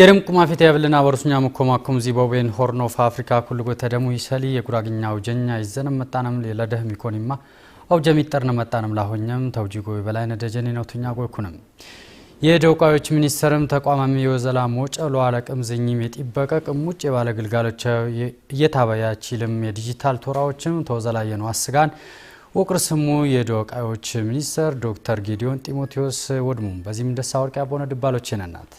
ኬርም ቁማፊት ያብልና ወርሱኛ መኮማኩም ዚምባብዌን ሆርን ኦፍ አፍሪካ ኩልጎ ተደሙ ይሰሊ የጉራግኛው ጀኛ ይዘንም መጣነም ለደህም ኢኮኒማ አውጀም ይጠርነ መጣነም ላሆኛም ተውጂጎ በላይነህ ደጀኔ ነው ትኛ ጎይኩንም የደውቃዮች ሚኒስተርም ተቋማሚ የወዘላ ሞጨ ለዋለቅም ዝኝም የጢበቀቅም ውጭ የባለ ግልጋሎች እየታበያ ችልም የዲጂታል ቶራዎችም ተወዘላየ ነው አስጋን ወቅር ስሙ የደወቃዮች ሚኒስተር ዶክተር ጌዲዮን ጢሞቴዎስ ወድሙም በዚህም ደሳ ወርቅ ያቦነ ድባሎች ነናት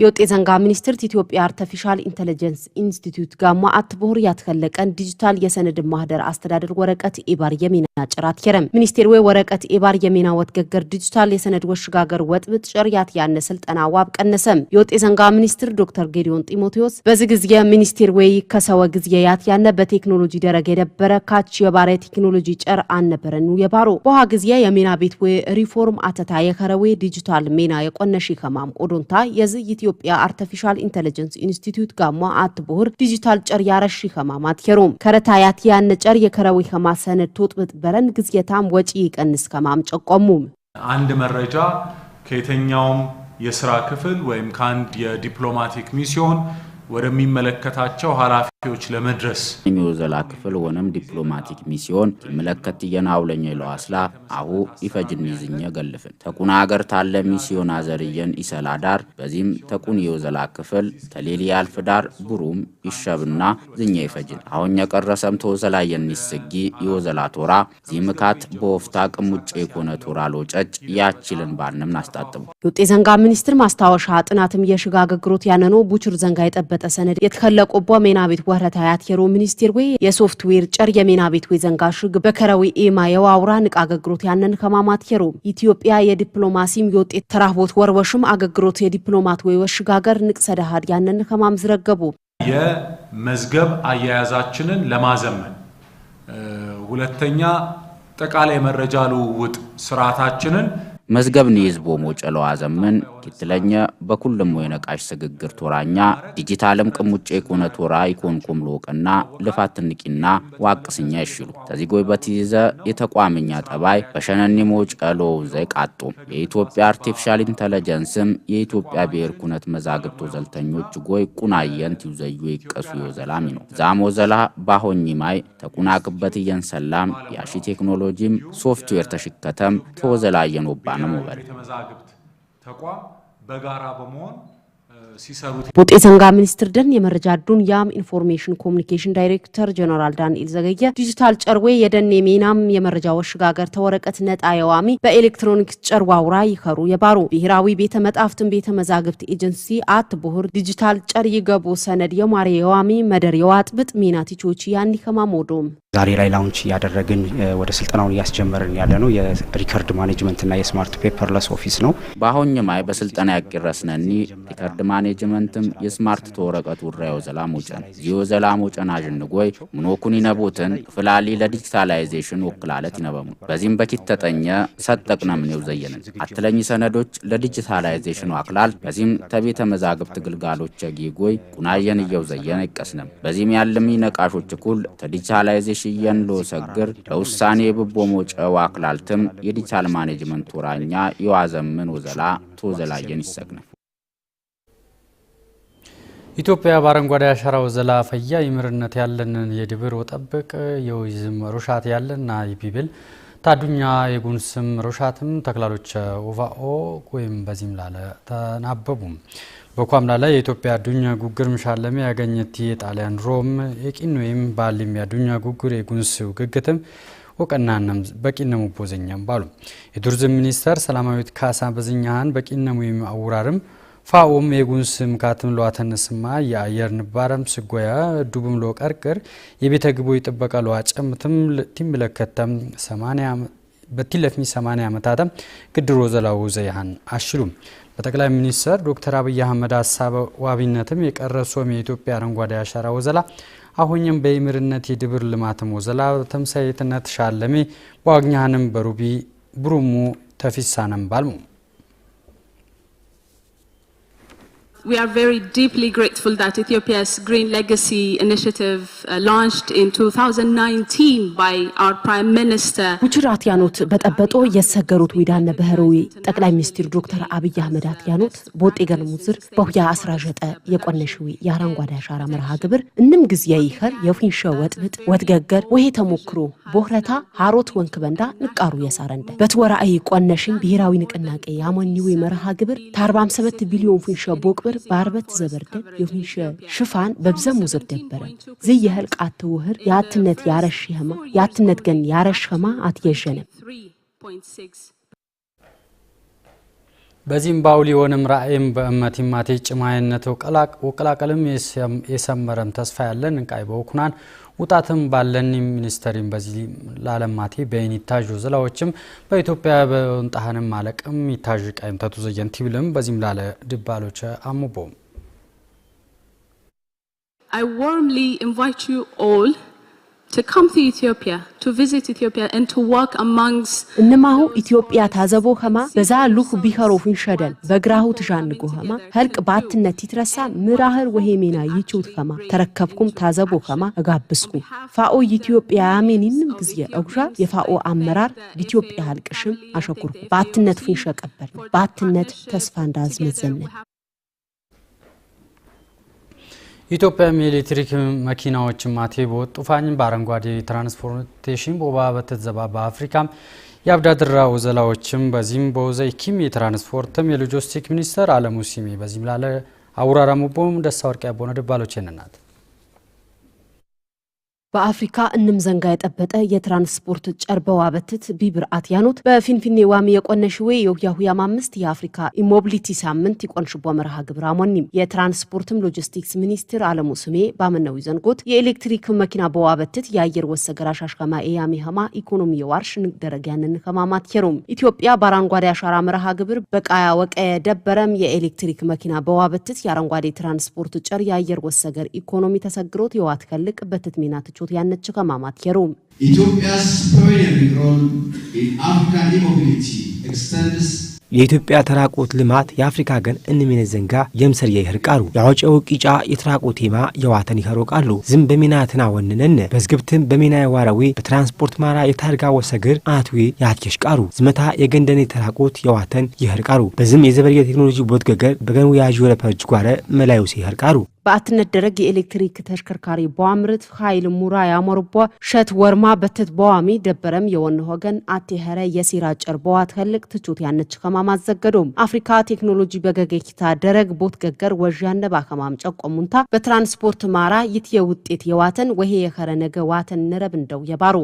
የወጤ ዘንጋ ሚኒስትርት ኢትዮጵያ አርተፊሻል ኢንተለጀንስ ኢንስቲትዩት ጋማ አትቦር ያትከለቀን ዲጂታል የሰነድ ማህደር አስተዳደር ወረቀት ኤባር የሚና ጭራት የረም ሚኒስቴር ወይ ወረቀት ኤባር የሚና ወትገገር ዲጂታል የሰነድ ወሽጋገር ወጥብጥ ጭርያት ያነ ስልጠና ዋብ ቀነሰም የወጤ ዘንጋ ሚኒስትር ዶክተር ጌዲዮን ጢሞቴዎስ በዚ ጊዜ ሚኒስቴር ወይ ከሰወ ጊዜ ያት ያነ በቴክኖሎጂ ደረገ የደበረ ካች የባረ ቴክኖሎጂ ጨር አነበረኑ የባሮ በኋ ጊዜ የሚና ቤት ወይ ሪፎርም አተታ የከረዌ ዲጂታል ሜና የቆነሺ ከማም ኦዶንታ የዝይት የኢትዮጵያ አርቲፊሻል ኢንቴሊጀንስ ኢንስቲትዩት ጋማ አት ቦህር ዲጂታል ጨር ያረሺ ኸማ ማትከሩም ከረታያት ያነ ጨር የከረዊ ኸማ ሰነድ ቶጥብጥ በረን ግዝየታም ወጪ ይቀንስ ከማም ጨቆሙም አንድ መረጃ ከየትኛውም የስራ ክፍል ወይም ከአንድ የዲፕሎማቲክ ሚስዮን ወደሚመለከታቸው ኃላፊ ዎች ለመድረስ የሚወዘላ ክፍል ሆነም ዲፕሎማቲክ ሚስዮን ትምለከት የናውለኝ ለዋስላ አሁ ይፈጅን ይዝኝ ገልፍን ተቁና አገር ታለ ሚስዮን አዘርየን ይሰላዳር በዚህም ተቁን የወዘላ ክፍል ተሌሊ ያልፍ ዳር ብሩም ይሸብና ዝኛ ይፈጅን አሁን የቀረሰም ተወዘላ የኒስጊ የወዘላ ቶራ ዚምካት በወፍታ ቅሙጭ የኮነ ቶራ ሎጨጭ ያችልን ባንም ናስጣጥቡ የውጤ ዘንጋ ሚኒስትር ማስታወሻ ጥናትም የሽጋግግሮት ያነኖ ቡችር ዘንጋ የጠበጠ ሰነድ የተከለቆቦ ሜና ቤት ወረት አያት የሮ ሚኒስቴር ወይ የሶፍትዌር ጨር የሜና ቤት ወይ ዘንጋሽግ በከረዊ ኤማ የዋውራ ንቅ አገግሮት ያንን ከማማት የሮ ኢትዮጵያ የዲፕሎማሲም የውጤት ተራቦት ወርወሽም አገግሮት የዲፕሎማት ወይ ወሽጋገር ንቅ ሰደሃድ ያንን ከማም ዝረገቡ የመዝገብ አያያዛችንን ለማዘመን ሁለተኛ ጠቃላይ መረጃ ልውውጥ ስርዓታችንን መዝገብን የህዝቦሞ ጨለዋ ዘመን ኪትለኘ በኩልሞ ነቃሽ ስግግር ቶራኛ ዲጂታልም ቅሙጭ ኮነ ቶራ ኢኮንኩም ሎቅና ልፋት ንቂና ዋቅስኛ ይሽሉ ተዚህ ጎይ ይዘ የተቋምኛ ጠባይ በሸነኒሞ ጨሎ ዘይቃጡ የኢትዮጵያ አርቲፊሻል ኢንተለጀንስም የኢትዮጵያ ብሔር ኩነት መዛግብቶ ዘልተኞች ጎይ ቁናየን ትዩዘዩ ይቀሱ የዘላሚ ነው ዛሞ ዘላ ባሆኝ ማይ ተቁናክበት እየንሰላም ያሺ ቴክኖሎጂም ሶፍትዌር ተሽከተም ተወዘላየኖባ ነው ማለት ተቋም በጋራ በመሆን ሲሰሩት ሚኒስትር ደን የመረጃ ዱን ያም ኢንፎርሜሽን ኮሚኒኬሽን ዳይሬክተር ጀነራል ዳንኤል ዘገየ ዲጂታል ጨርዌ የደን የሜናም የመረጃ ወሽጋገር ተወረቀት ነጣ የዋሚ በኤሌክትሮኒክስ ጨርዋ አውራ ይከሩ የባሩ ብሔራዊ ቤተ መጣፍትን ቤተ መዛግብት ኤጀንሲ አት ቡሁር ዲጂታል ጨር ይገቡ ሰነድ የማሪ የዋሚ መደር የዋጥብጥ ሜና ቲቾች ያን ከማሞዶም ዛሬ ላይ ላውንች እያደረግን ወደ ስልጠናውን እያስጀመርን ያለ ነው። የሪከርድ ማኔጅመንትና የስማርት ፔፐርለስ ኦፊስ ነው። በአሁኝ ማይ በስልጠና ያቂረስነኒ ሪከርድ ማ ማኔጅመንትም የስማርትቶ ወረቀት ውራዮ ዚዮ ዘላሙ ጨን አዥንጎይ ምኖኩን ይነቡትን ፍላሊ ለዲጂታላይዜሽን ወክላለት ይነበሙ በዚህም በኪት ተጠኘ ሰጠቅነ ምኔው ዘየንን አትለኝ ሰነዶች ለዲጂታላይዜሽን አክላል በዚህም ተቤተ መዛግብት ግልጋሎች ጊጎይ ቁናየን እየው ዘየን አይቀስንም በዚህም ያልሚ ነቃሾች እኩል ተዲጂታላይዜሽየን ሎሰግር ለውሳኔ የብቦ ሞጨው ዋክላልትም የዲጂታል ማኔጅመንት ወራኛ የዋዘምን ወዘላ ቶዘላየን ይሰግነም ኢትዮጵያ በአረንጓዴ አሻራው ዘላ ፈያ ይምርነት ያለንን የድብር ወጠብቅ የውይዝም ሩሻት ያለና ና ይፒብል ታዱኛ የጉንስም ሩሻትም ተክላሎች ኦቫኦ ወይም በዚህም ላለ ተናበቡም በኳምላ ላይ የኢትዮጵያ ዱኛ ጉግር ምሻለሚ ያገኘት የጣሊያን ሮም የቂን ወይም ባልም ዱኛ ጉግር የጉንስ ውግግትም ወቀናነም በቂነሙ ቦዘኛም ባሉ የቱሪዝም ሚኒስተር ሰላማዊት ካሳ በዝኛህን በቂነሙ አውራርም ፋኦም የጉንስም ካትም ለዋ ተነስማ የአየር ንባረም ስጎያ ዱብም ሎ ቀርቅር የቤተ ግቦ ጥበቀ ለዋ ጨምትም ቲምለከተም 80 በቲለፍሚ 80 ዓመታተም ግድሮ ዘላው ዘይሃን አሽሉም በጠቅላይ ሚኒስትር ዶክተር አብይ አህመድ ሀሳብ ዋቢነትም የቀረሶም የኢትዮጵያ አረንጓዴ አሻራ ወዘላ አሁኝም በይምርነት የድብር ልማትም ወዘላ ተምሳይትነት ሻለሜ በዋግኛህንም በሩቢ ብሩሙ ተፊሳነም ባልሙ we are very deeply grateful that Ethiopia's Green Legacy Initiative uh, launched in 2019 by our Prime Minister. ውችር አትያኖት በጠበጦ የሰገሩት ዊዳነ ብሔራዊ ጠቅላይ ሚኒስትር ዶክተር አብይ አህመድ አትያኖት ቦጤ ገለሙዝር በሁያ አስራዠጠ የቆነሽዊ የአረንጓዴ አሻራ መርሃ ግብር እንም ጊዜ ይኸር የፊንሸ ወጥብጥ ወትገገር ተሞክሮ ቦህረታ ሃሮት ወንክ በንዳ ንቃሩ የሳረንደ በትወራአይ ቆነሽን ብሔራዊ ንቅናቄ መርሃ ግብር ታ47 ቢሊዮን ፊንሸ ቦቅብር ዝውውር በአርበት ዘበርደ የሆንሸ ሽፋን በብዘ ሙዝር ደበረ ዝየህል ቃት ውህር የአትነት ያረሽኸማ የአትነት ገን ያረሽኸማ አትየሸነም በዚምባው ሊሆንም ራእይም በእመት ማቴ ጭማየነት ውቀላቀልም የሰመረም ተስፋ ያለን እንቃይ በውኩናን ውጣትም ባለን ሚኒስተሪም በዚህ ላለማቴ በይን ይታዡ ዝላዎችም በኢትዮጵያ በንጣህንም ማለቅም ይታዥ ቃይምተቱ ዘየን ቲብልም በዚህም ላለ ድባሎች አሙቦም I warmly invite you all እነማሁ ኢትዮጵያ ታዘቦ ኸማ በዛ ሉኽ ቢኸሮፍን ሸደን በግራሁ ትዣንጎ ኸማ ኸልቅ ባትነት ይትረሳን ምራህር ወሄሜና ይችውት ኸማ ተረከብኩም ታዘቦ ኸማ እጋብስኩ ፋኦ ኢትዮጵያ ያሜን ይንም ጊዜ እጉዣ የፋኦ አመራር ኢትዮጵያ ኸልቅሽም አሸኩርኩ ባትነት ፉንሸ ቀበል ባትነት ተስፋ እንዳዝመዘምነን ኢትዮጵያ የኤሌክትሪክ መኪናዎችን ማቴቦ ጡፋኝን በአረንጓዴ ትራንስፖርቴሽን ቦባ በተዘባ በአፍሪካም የአብዳድራ ወዘላዎችም በዚህም በውዘ ኪም የትራንስፖርትም የሎጂስቲክ ሚኒስተር አለሙ ሲሜ በዚህም ላለ አውራራ ሙቦም ደሳ ወርቅ ያቦነ ድባሎች ናት በአፍሪካ እንም ዘንጋ የጠበጠ የትራንስፖርት ጨርበዋ በትት ቢብርአት ያኖት በፊንፊኔ ዋሚ የቆነሽዌ የውያሁያም አምስት የአፍሪካ ኢሞቢሊቲ ሳምንት ይቆንሽቦ መርሃ ግብር አሞኒም የትራንስፖርትም ሎጂስቲክስ ሚኒስትር አለሙ ስሜ ባመናዊ ዘንጎት የኤሌክትሪክ መኪና በዋ በትት የአየር ወሰገራ ሻሽከማ ኤያሚ ህማ ኢኮኖሚ የዋርሽ ንግደረግ ያንን ከማማት ሄሩም ኢትዮጵያ በአረንጓዴ አሻራ መርሃ ግብር በቃያ ወቀ ደበረም የኤሌክትሪክ መኪና በዋ በትት የአረንጓዴ ትራንስፖርት ጨር የአየር ወሰገር ኢኮኖሚ ተሰግሮት የዋትከልቅ በትት ትች argachuut yaannachi ከማማት yeruu. የኢትዮጵያ ተራቆት ልማት የአፍሪካ ገን እንሚነ ዘንጋ የምሰር የህርቃሩ ቃሉ ያወጨው ቂጫ የተራቆ ቴማ የዋተን ይኸሮ ዝም በሚና ትና ወንነን በዝግብትም በሚና የዋራዊ በትራንስፖርት ማራ የታርጋ ወሰግር አትዌ ያትየሽ ቃሩ ዝመታ የገንደኔ ተራቆት የዋተን ይህርቃሩ በዝም የዘበርየ ቴክኖሎጂ ቦት ገገር በገን ውያዥ ወረፐጅ ጓረ መላዩ ሲህር በአትነት የኤሌክትሪክ ተሽከርካሪ በዋምርት ኃይል ሙራ ያሞርቦ ሸት ወርማ በትት በዋሚ ደበረም የወን ሆገን አቴኸረ የሲራ ጨርበዋ ትልቅ ትቹት ያነች ከማማ ዘገዶም አፍሪካ ቴክኖሎጂ በገገኪታ ደረግ ቦት ገገር ወዥ ያነባ ከማም ጨቆሙንታ በትራንስፖርት ማራ ይትየ ውጤት የዋተን ወሄ የኸረ ነገ ዋተን ንረብ እንደው የባሩ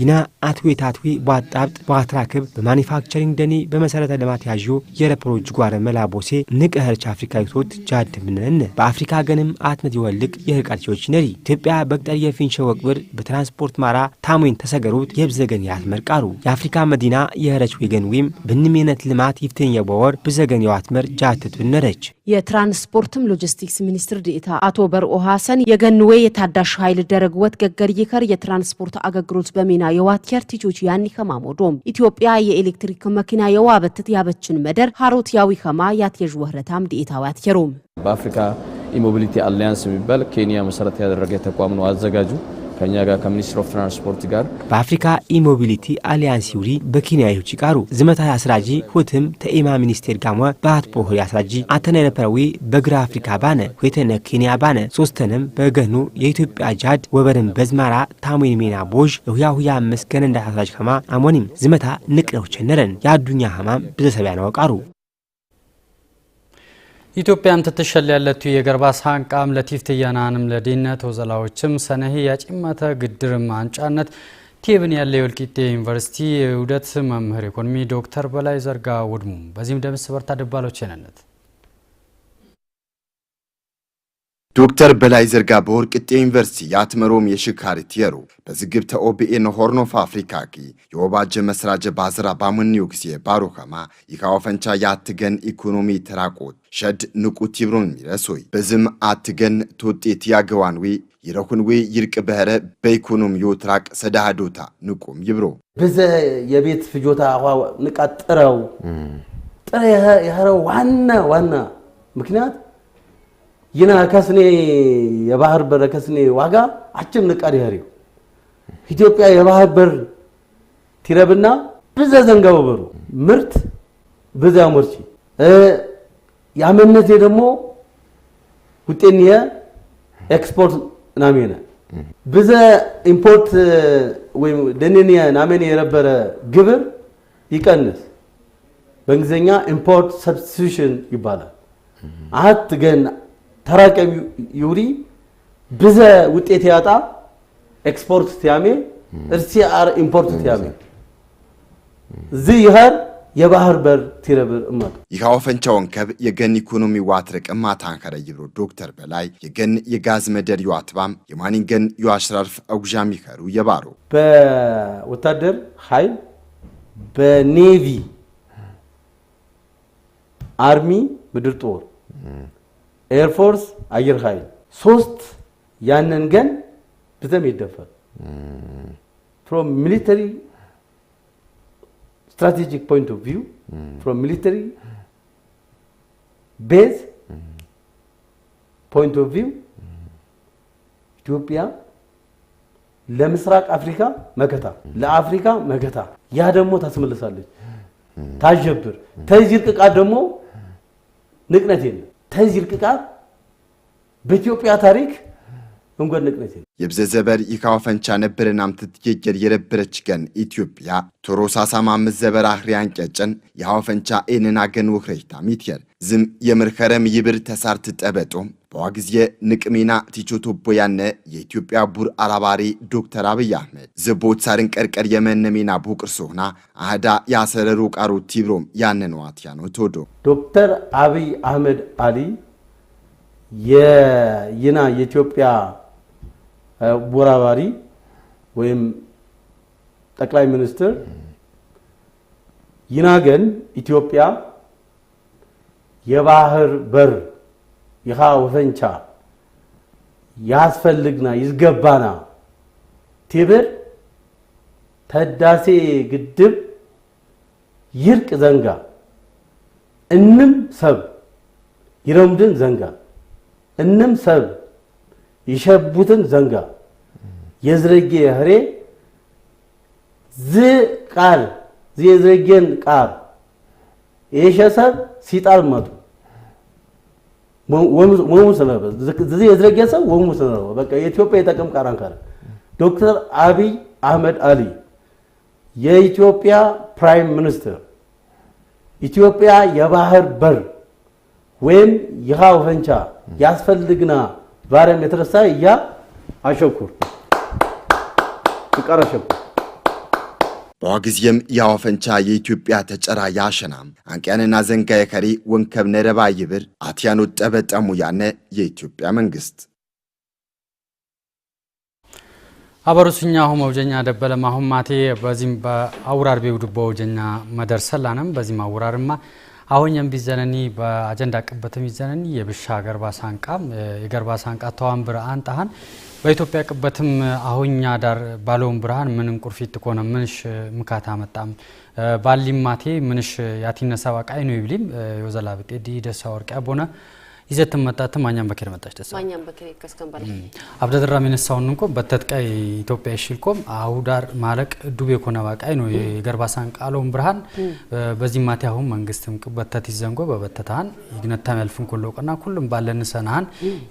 ይና e አትዌ ታትዌ በአጣብጥ በአትራክብ በማኒፋክቸሪንግ ደኔ በመሰረተ ልማት ያዥ የረፐሮች ጓረ መላቦሴ ንቅ ህርች አፍሪካ ዩቶት ጃድምነን በአፍሪካ ገንም አትነት ይወልቅ የህቀርቾች ነሪ ኢትዮጵያ በቅጠር የፊንሸ ወቅብር በትራንስፖርት ማራ ታሙን ተሰገሩት የብዘገን ያት መርቃሩ የአፍሪካ መዲና የህረች ወገን ወይም ብንሜነት ልማት ይፍትን የበወር ብዘገን መር ጃትት ብነረች የትራንስፖርትም ሎጂስቲክስ ሚኒስትር ዴኤታ አቶ በርኦ ሀሰን የገንዌ የታዳሽ ኃይል ደረግ ወት ገገር ይከር የትራንስፖርት አገልግሎት በሚና የዋትያር ቲቾች ያኒ ኸማ ሞዶም ኢትዮጵያ የኤሌክትሪክ መኪና የዋ በትት ያበችን መደር ሀሮት ያዊ ከማ ያትየዥ ወህረታም ዲኤታዊ አትየሮም በአፍሪካ ኢሞቢሊቲ አሊያንስ የሚባል ኬንያ መሰረት ያደረገ ተቋም ነው አዘጋጁ ከኛ ጋር ከሚኒስትር ኦፍ ትራንስፖርት ጋር በአፍሪካ ኢሞቢሊቲ አሊያንስ ይውሪ በኬንያ ይሁጭ ቃሩ ዝመታ አስራጂ ሁትም ተኢማ ሚኒስቴር ጋሞ በአት ፖሆሪ አስራጂ አተነ የነበረዊ በግራ አፍሪካ ባነ ሁተነ ኬንያ ባነ ሶስተንም በገኑ የኢትዮጵያ ጃድ ወበርን በዝማራ ታሙን ሜና ቦዥ የሁያ ሁያ መስገን እንዳሳሳጅ ከማ አሞኒም ዝመታ ንቅረው ቸነረን የአዱኛ ሀማም ብዘሰቢያ ነው ቃሩ ኢትዮጵያም ትትሸል ያለቱ የገርባ ሳንቃም ለቲፍት የናንም ለዲነት ወዘላዎችም ሰነህ ያጭመተ ግድርም አንጫነት ቴብን ያለ የወልቂጤ ዩኒቨርሲቲ የውደት መምህር ኢኮኖሚ ዶክተር በላይ ዘርጋ ውድሙ በዚህም ደምስ በርታ ድባሎች ነነት ዶክተር በላይ ዘርጋ በወልቂጤ ዩኒቨርሲቲ የአትመሮም የሽካሪ ትየሩ በዝግብተ ኦቢኤን ሆርን ኦፍ አፍሪካ ቂ የወባጀ መስራጀ ባዝራ ባሙኒው ጊዜ ባሮኸማ ይካወፈንቻ የአትገን ኢኮኖሚ ተራቆት ሸድ ንቁት ይብሮን ሚረሶይ በዝም አትገን ቶጤት ያገዋንዊ ይረኩንዊ ይርቅ በህረ በኢኮኖሚ ዮትራቅ ሰዳህዶታ ንቁም ይብሮ ብዘ የቤት ፍጆታ ንቃ ጥረው ጥረ የኸረ ዋና ዋና ምክንያት ይና ከስኔ የባህር በር ከስኔ ዋጋ አችም ንቃድ ያሪው ኢትዮጵያ የባህር በር ቲረብና ብዘ ዘንጋው በሩ ምርት ብዛ ሞርቺ ያመነቴ ደግሞ ውጤን ኤክስፖርት ናሜነ ብዘ ኢምፖርት ወይም ደኔን ናሜን የነበረ ግብር ይቀንስ በእንግሊዝኛ ኢምፖርት ሰብስቲቱሽን ይባላል አት ገና ተራቀብ ዩሪ ብዘ ውጤት ያጣ ኤክስፖርት ትያሜ እርሲ አር ኢምፖርት ትያሜ እዚ ይኸር የባህር በር ቲረብር እማት ይኸው ፈንቻ ወንከብ የገን ኢኮኖሚ ዋትረቅ ማታን ከረ ይብሮ ዶክተር በላይ የገን የጋዝ መደር የማኒን ገን ይዋሽራርፍ አጉዣም ይከሩ የባሮ በወታደር ኃይል በኔቪ አርሚ ምድር ጦር ኤርፎርስ፣ አየር ኃይል ሶስት ያንን ገን ብዘም ይደፈር ፍሮም ሚሊተሪ ስትራቴጂክ ፖይንት ኦፍ ቪው ፍሮም ሚሊተሪ ቤዝ ፖይንት ኦፍ ቪው ኢትዮጵያ ለምስራቅ አፍሪካ መከታ፣ ለአፍሪካ መከታ። ያ ደግሞ ታስመልሳለች፣ ታጀብር፣ ተዝርቅቃት ደግሞ ንቅነት የለም። ተዚህ ርቅቃ በኢትዮጵያ ታሪክ የብዘ ዘበር ኢካው ፈንቻ ነብረን አምትትጌገር የረብረች ገን ኢትዮጵያ ቶሮሳ ሳማምት ዘበር አህሪያን ጨጨን የሃው ፈንቻ ኤንን አገን ወክረይታ ሚትየር ዝም የምርከረም ይብር ተሳርት ጠበጦ በዋ ጊዜ ንቅሜና ቲቾ ቶቦ ያነ የኢትዮጵያ ቡር አራባሪ ዶክተር አብይ አህመድ ዝቦት ሳርን ቀርቀር የመነሜና ቡቅር ሶሆና አህዳ ያሰረሮ ቃሩ ቲብሮም ያነነዋት ያኖ ቶዶ ዶክተር አብይ አህመድ አሊ የይና የኢትዮጵያ ቦራባሪ ወይም ጠቅላይ ሚኒስትር ይናገን ኢትዮጵያ የባህር በር ይኻ ወፈንቻ ያስፈልግና ይዝገባና ቲብር ተዳሴ ግድብ ይርቅ ዘንጋ እንም ሰብ ይረምድን ዘንጋ እንም ሰብ ይሸቡትን ዘንጋ የዝረጌ ህሬ ዝ ቃል የዝረጌን ቃር የሸሰብ ሲጣል መጡ ወሙ ስለበ የዝረጌ ሰብ ወሙ ስለበ በቃ የኢትዮጵያ የጠቅም ቃራን ካለ ዶክተር አብይ አህመድ አሊ የኢትዮጵያ ፕራይም ሚኒስትር ኢትዮጵያ የባህር በር ወይም ይሃው ፈንቻ ያስፈልግና ዛሬም የተነሳ እያ አሸኩር ፍቃር አሸኩር በዋግዝየም የአዋፈንቻ የኢትዮጵያ ተጨራ ያሸናም አንቅያንና ዘንጋ የከሪ ወንከብ ነረባ ይብር አትያኖ ጠበጠሙ ያነ የኢትዮጵያ መንግስት አበሩስኛ ሁም ወጀኛ ደበለማ ማቴ በዚህም በአውራር ቤው ወጀኛ መደርሰላንም በዚህም አውራርማ አሁን ቢዘነኒ በአጀንዳ ቅበትም ይዘነኒ የብሻ ገርባ ሳንቃ የገርባ ሳንቃ ተዋን ብርሃን ጣሃን በኢትዮጵያ ቅበትም አሁኛ ዳር ባለውን ብርሃን ምን እንቁርፊት ኮነ ምንሽ ምካታ አመጣም ባሊማቴ ምንሽ ያቲነሰባ ቃይ ነው ይብሊም ዮዘላ ብጤ ዲ ደሳ ወርቂያ ቦነ ይዘትን መጣት ማኛም በከረ መጣች ደስ ማኛም በከረ ከስከም ባለ አብደድራ ሚነሳውን እንኮ በተጥቃይ ኢትዮጵያ ይሽልኮም አውዳር ማለቅ ዱቤ ኮና ባቃይ ነው የገርባሳን ቃሎም ብርሃን በዚህ ማቲያሁን መንግስትም በተት ይዘንጎ በበተታን ይግነታም ያልፍን ኮሎ ቀና ሁሉም ባለን ሰናን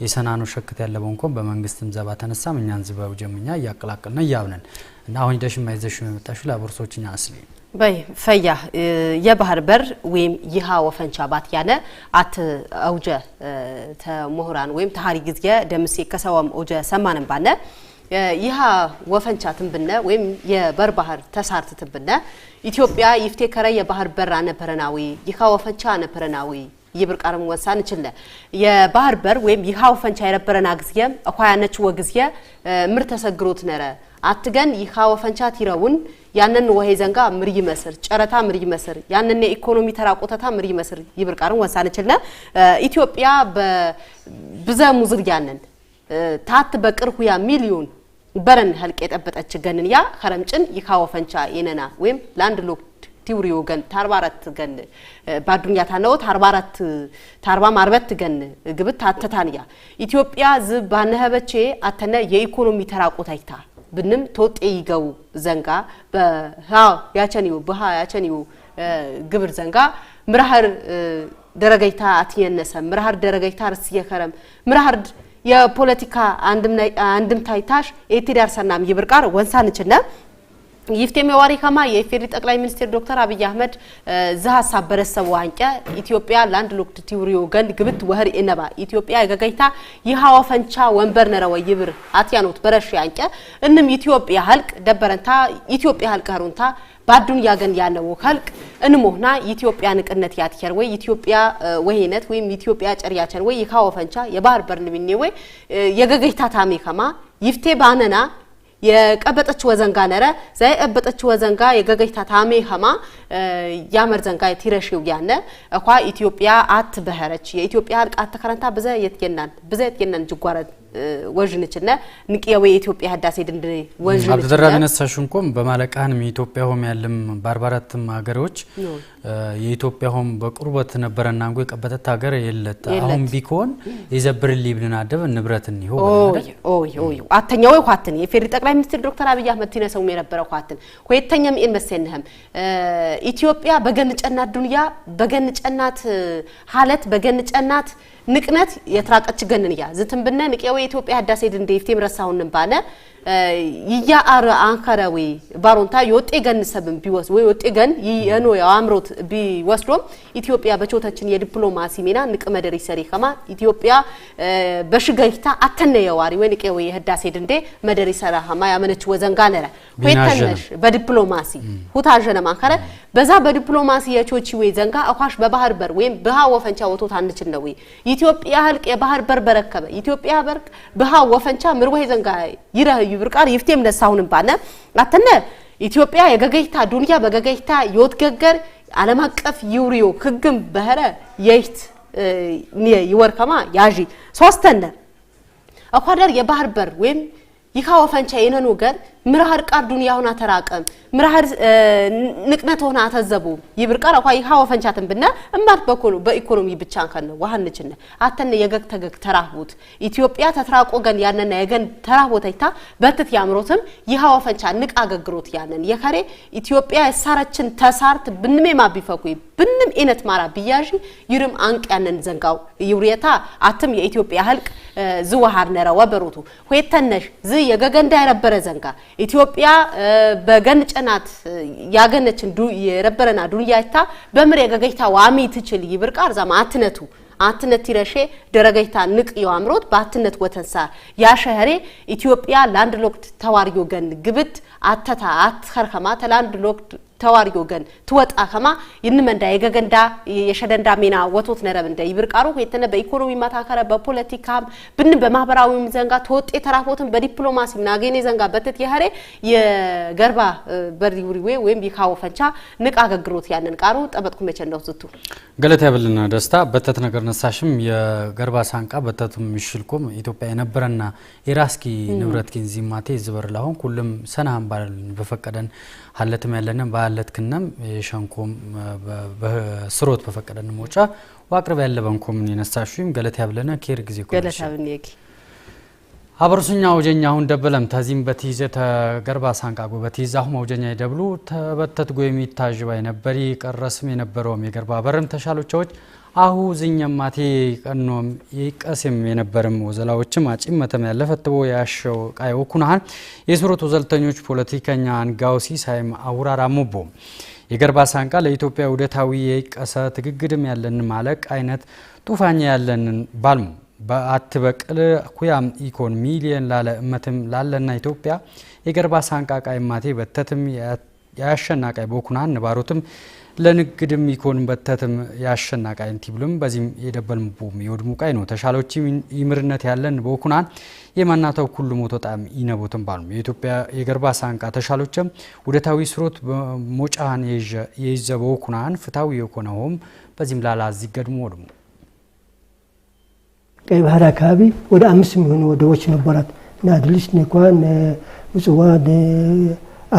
የሰናኑ ሸክት እንኮ በመንግስትም ዘባ ተነሳም እኛን ዝበው ጀምኛ እያቀላቀልና እያብነን እና አሁን ደሽ ማይዘሽ ነው የመጣሽ ላቦርሶችኛ አስልኝ በይ ፈያ የባህር በር ወይም ይሃ ወፈንቻ ባት ያነ አት አውጀ ተሞህራን ወይም ተሃሪ ግዝየ ደምሴ ከሰዋም አውጀ ሰማንም ባነ ይሃ ወፈንቻ ትንብነ ወይም የበር ባህር ተሳርት ትንብነ ኢትዮጵያ ይፍቴ ከረ የባህር በር አነበረናዊ ይሃ ወፈንቻ አነበረናዊ ይብርቃርም ወሳን ይችላል የባህር በር ወይም ይሃ ወፈንቻ የነበረና ግዝየ አኳያነች ወግዝየ ምር ተሰግሮት ነረ አትገን ይኻ ወፈንቻ ቲረውን ያንን ወሄ ዘንጋ ምር ይመስር ጨረታ ምር ይመስር ያንን የኢኮኖሚ ተራቆተታ ምር ይመስር ይብርቃርን ወሳነችልና ኢትዮጵያ በብዘ ሙዝር ያንን ታት በቅርሁ ያ ሚሊዮን በረን ህልቅ የጠበጠች ገንን ያ ከረምጭን ይኻ ወፈንቻ የነና ወይም ላንድ ሎክድ ቲውሪዮ ገን ታርባ ገን ባዱኛ ታነወት ታርባ አራት ታርባ ማርበት ገን ግብት ታተታንያ ኢትዮጵያ ዝብ ባነኸበቼ አተነ የኢኮኖሚ ተራቆታይታ ብንም ቶጤ ይገው ዘንጋ በሃ ያቸኒው በሃ ያቸኒው ግብር ዘንጋ ምራህር ደረገይታ አትየነሰ ምራህር ደረገይታ ርስ የከረም ምራህር የፖለቲካ አንድምታይታሽ ኤቲ ዳርሰናም ይብርቃር ወንሳንችነ ይፍቴም የዋሪ የኢፌዴሪ ጠቅላይ ሚኒስትር ዶክተር አብይ አህመድ ዘሀሳብ በረሰቡ አንቀ ኢትዮጵያ ላንድ ሎክድ ቲውሪዮ ገንድ ግብት ወህር እነባ ኢትዮጵያ የገገይታ ይሃዋ ፈንቻ ወንበር ነረወ ይብር አትያኖት በረሽ አንቀ እንም ኢትዮጵያ ህልቅ ደበረንታ ኢትዮጵያ ህልቅ ሩንታ ባዱን ያገን ያለው ህልቅ እንሞህና ኢትዮጵያ ንቅነት ያትየር ወይ ኢትዮጵያ ወሄነት ወይም ኢትዮጵያ ጨሪያቸን ወይ ይሃዋ የባህር በርን ወይ የገገይታ ታሜ ከማ ይፍቴ ባነና የቀበጠች ወዘንጋ ነረ ዛይ ቀበጠች ወዘንጋ የገገይታ ታሜ ኸማ ያመር ዘንጋ የቲረሽው ያነ እኳ ኢትዮጵያ አት በኸረች የኢትዮጵያ አልቃ አተከረንታ ብዘ የትየናን ብዘ የትየናን ጅጓረ ወዥንችነ ንቅየወ የኢትዮጵያ ህዳሴ ድንድ ወዥንች አብዘራ ቢነሳሽን ነሳሽንኮም በማለቃህንም የኢትዮጵያ ሆም ያለም ባርባራትም ሀገሮች የኢትዮጵያ ሆም በቁርበት ነበረ እናንጎ የቀበተት ሀገር የለት አሁን ቢኮን የዘብር ሊብልን አደብ ንብረት ኒሆ አተኛ ወይ ኳትን የፌሪ ጠቅላይ ሚኒስትር ዶክተር አብይ አህመድ ቲነሰውም የነበረ ኳትን ኮየተኛም ኢን መሰንህም ኢትዮጵያ በገን ዱንያ በገን ጨናት ሀለት በገን ንቅነት የትራቀች ገንን እያ ዝትንብነ ንቄ ወይ ኢትዮጵያ ህዳሴ ድንዴ ፍቴም ረሳሁንን ባለ ይያአረ አንካራዊ ባሮንታ የወጤ ገን ሰብም ቢወስ ወይ ወጤ ገን የኖ ያምሮት ቢወስዶም ኢትዮጵያ በቾታችን የዲፕሎማሲ ሜና ንቅመደሪ ሰሪ ከማ ኢትዮጵያ በሽገይታ አተነ የዋሪ ወይ ወይ የህዳሴ ድንዴ መደሪ ሰራ ሀማ ያመነች ወዘንጋ ነረ ወይተነሽ በዲፕሎማሲ ሁታጀነ ማንከረ በዛ በዲፕሎማሲ የቾቺ ወይ ዘንጋ አኳሽ በባህር በር ወይም በሃ ወፈንቻ ወቶታ አንችል ነው ኢትዮጵያ ህልቅ የባህር በር በረከበ ኢትዮጵያ በርቅ በሃ ወፈንቻ ምርወይ ዘንጋ ይረህዩ ይብር ይብርቃር ይፍቴም ነሳሁንም ባነ አተነ ኢትዮጵያ የገገይታ ዱንያ በገገይታ ይወት ገገር ዓለም አቀፍ ይውሪዮ ህግም በህረ የይት ይወርከማ ያዢ ሶስተነ አኳደር የባህር በር ወይም ይካ ወፈንቻ የነን ወገር ምራሃድ ቃዱን ያሁን አተራቀ ምራሃድ ንቅነት ሆነ አተዘቡ ይብርቃር አኳ ይሃ ወፈንቻትን ብና እማት በኮሎ በኢኮኖሚ ብቻ ከነ ዋህንችነ አተነ የገግ ተገግ ተራህቡት ኢትዮጵያ ተትራቆ ገን ያነና የገን ተራህ በትት ያምሮትም ይሃ ወፈንቻ ንቅ አገግሮት ያነን የከሬ ኢትዮጵያ የሳረችን ተሳርት ብንም ማ ብንም ኤነት ማራ ብያዥ ይርም አንቅ ያነን ዘንጋው ይውሪታ አትም የኢትዮጵያ ህልቅ ዝዋሃር ነራ ወበሩቱ ሆይተነሽ ዝ የገገንዳ ያረበረ ዘንጋ ኢትዮጵያ በገን ጨናት ያገነችን የረበረና ዱንያይታ በምር የገገይታ ዋሚ ትችል ይብርቃ አርዛማ አትነቱ አትነት ቲረሼ ደረገይታ ንቅ የዋምሮት በአትነት ወተንሳር ያሸኸሬ ኢትዮጵያ ላንድ ሎክድ ተዋርዮ ገን ግብት አተታ አትኸርከማ ተላንድ ሎክድ ተዋር ወገን ትወጣ ከማ ይንመንዳ የገገንዳ የሸደንዳ ሜና ወቶት ነረብ እንደ ይብርቃሩ የተነ በኢኮኖሚ ማታከረ በፖለቲካ ብን በማህበራዊም ዘንጋ ተወጤ ተራፎትን በዲፕሎማሲ ናገኔ ዘንጋ በትት የሀሬ የገርባ ወይ ወይም ቢካው ፈንቻ ንቅ አገግሮት ያንን ቃሩ ጠበጥኩ መቼ እንደው ዝቱ ገለታ ያብልና ደስታ በተት ነገር ነሳሽም የገርባ ሳንቃ በተቱም ምሽልኩም ኢትዮጵያ የነበረና የራስኪ ንብረት ኪንዚማቴ ዝበርላሁን ኩልም ሰናህን ባለልን በፈቀደን ሀለትም ያለንም በሀለት ክነም የሸንኮም ስሮት በፈቀደን ሞጫ ዋቅርብ ያለ በንኮምን የነሳሹም ገለት ያብለነ ኬር ጊዜ ገለት ያብን የጊ አበርሱኛ አውጀኛ አሁን ደበለም ተዚም በትይዘ ተገርባ ሳንቃጎ በትይዘ አሁን አውጀኛ ይደብሉ ተበተትጎ የሚታዥ ባይ ነበር ይቀረስም የነበረውም የገርባ በርም ተሻሎቻዎች አሁ ዝኛማቴ ቀኖም ይቀስም የነበርም ወዘላዎችም አጭም መተም ያለፈትቦ ያሸው ቃይ ወኩናል የስሮት ወዘልተኞች ፖለቲከኛ አንጋውሲ ሳይም አውራራሙቦ የገርባ ሳንቃ ለኢትዮጵያ ውደታዊ የቀሰ ትግግድም ያለን ማለቅ አይነት ጡፋኛ ያለንን ባልሙ በአትበቅል ኩያም ኢኮን ሚሊየን ላለ እመትም ላለና ኢትዮጵያ የገርባ ሳንቃቃይ ማቴ በተትም ያሸናቃይ ቦኩና ንባሮትም ለንግድም ኢኮን በተትም ያሸናቃይ እንቲብልም በዚህም የደበልም ቡም ይወድሙ ቃይ ነው ተሻሎች ይምርነት ያለን ቦኩናን የማናተው ሁሉ ሞቶ ጣም ይነቦትም ባሉ የኢትዮጵያ የገርባ ሳንቃ ተሻሎችም ውደታዊ ስሮት ሞጫን የይዘ ቦኩናን ፍታዊ የኮነውም በዚህም ላላ ዚገድሙ ወድሙ ቀይ ባህር አካባቢ ወደ አምስት የሚሆኑ ወደቦች ነበራት። ናድልስ፣ ኔኳ፣ ምጽዋ፣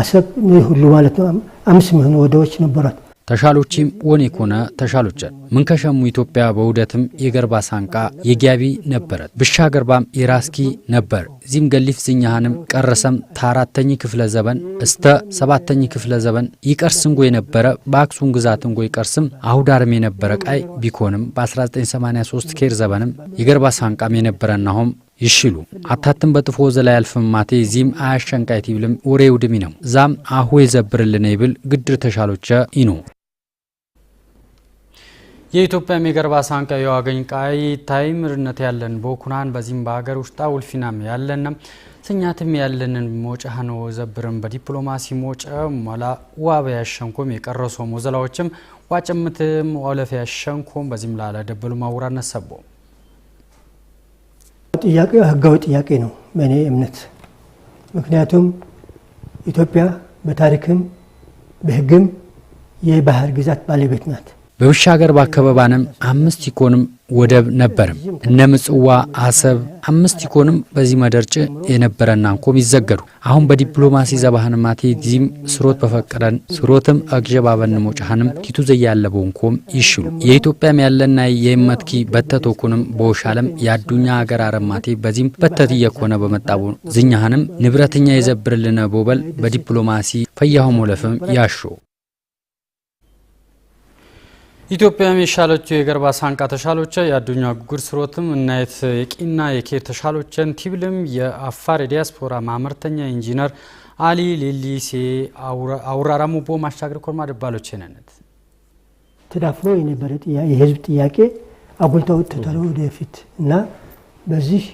አሰብ ሁሉ ማለት ነው። አምስት የሚሆኑ ወደቦች ነበራት። ተሻሎቺም ወኔ ኮነ ተሻሎቸን ምንከሸሙ ኢትዮጵያ በውደትም የገርባ ሳንቃ የጊያቢ ነበረት ብሻ ገርባም የራስኪ ነበር ዚም ገሊፍ ዝኛሃንም ቀረሰም ታራተኝ ክፍለ ዘበን እስተ ሰባተኝ ክፍለ ዘበን ይቀርስንጎ የነበረ በአክሱም ግዛትንጎ ይቀርስም አሁዳርም የነበረ ቃይ ቢኮንም በ1983 ኬር ዘበንም የገርባ ሳንቃም የነበረናሆም ይሽሉ አታትም በጥፎ ዘላ ያልፍም ማቴ ዚም አያሸንቃይት ይብልም ወሬ ውድሚ ነው ዛም አሁ የዘብርልን ይብል ግድር ተሻሎቸ ይኑ የኢትዮጵያ የሚገርባ ሳንቃ የዋገኝ ቃይ ታይምርነት ያለን ቦኩናን በዚህም በሀገር ውስጥ አውልፊናም ያለንም ስኛትም ያለንን ነው ዘብርን በዲፕሎማሲ ሞጨ ሞላ ዋበ ያሸንኮም የቀረሶ ሞዘላዎችም ዋጭምትም ዋለፍ ያሸንኮም በዚህም ላለ ደብሉ ማውራ ነሰቦ ጥያቄ ህጋዊ ጥያቄ ነው በእኔ እምነት። ምክንያቱም ኢትዮጵያ በታሪክም በህግም የባህር ግዛት ባለቤት ናት። በውሻ ሀገር ባከበባንም አምስት ኢኮንም ወደብ ነበርም። እነ ምጽዋ፣ አሰብ አምስት ኢኮንም በዚህ መደርጭ የነበረና አንኮም ይዘገዱ አሁን በዲፕሎማሲ ዘባህን ማቴ ጊዜም ስሮት በፈቀደን ስሮትም አግጀባበን ሞጫህንም ቲቱ ዘያለበው እንኮም ይሽሉ የኢትዮጵያም ያለና የመትኪ በተቶኩንም በውሻለም የአዱኛ ሀገር አረማቴ በዚህም በተት እየኮነ በመጣቡ ዝኛህንም ንብረተኛ የዘብርልነ ቦበል በዲፕሎማሲ ፈያሁ ሞለፍም ያሾ ኢትዮጵያም የሻለች የገርባ ሳንቃ ተሻሎች የአዱኛ ጉጉር ስሮትም እናየት የቂና የኬር ተሻሎችን ቲብልም የአፋር የዲያስፖራ ማመርተኛ ኢንጂነር አሊ ሌሊሴ አውራራሙ ቦ ማሻገር ኮርማ ድባሎች ነነት ተዳፍኖ የነበረ የህዝብ ጥያቄ አጉልታ ወጥተታል ወደፊት እና በዚህ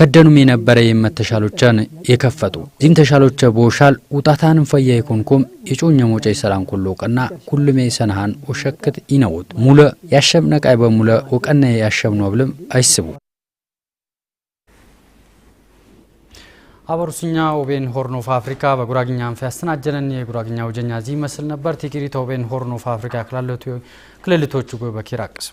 ከደኑም የነበረ የመተሻሎቻን የከፈጡ ዚን ተሻሎቸ ቦሻል ውጣታንም ፈያ የኮንኮም የጮኘ ሞጨ የሰላን ኩሎ ወቀና ኩልሜ ሰናሃን ወሸክት ይነውት ሙለ ያሸብነቃይ በሙለ ወቀና ያሸብነ ብልም አይስቡ አበሩስኛ ኦቤን ሆርን ኦፍ አፍሪካ በጉራግኛ አንፈ ያስተናጀነን የጉራግኛ ውጀኛ ዚህ ይመስል ነበር ቲኪሪት ኦቤን ሆርን ኦፍ አፍሪካ ክልልቶቹ ጎበኪራቅስ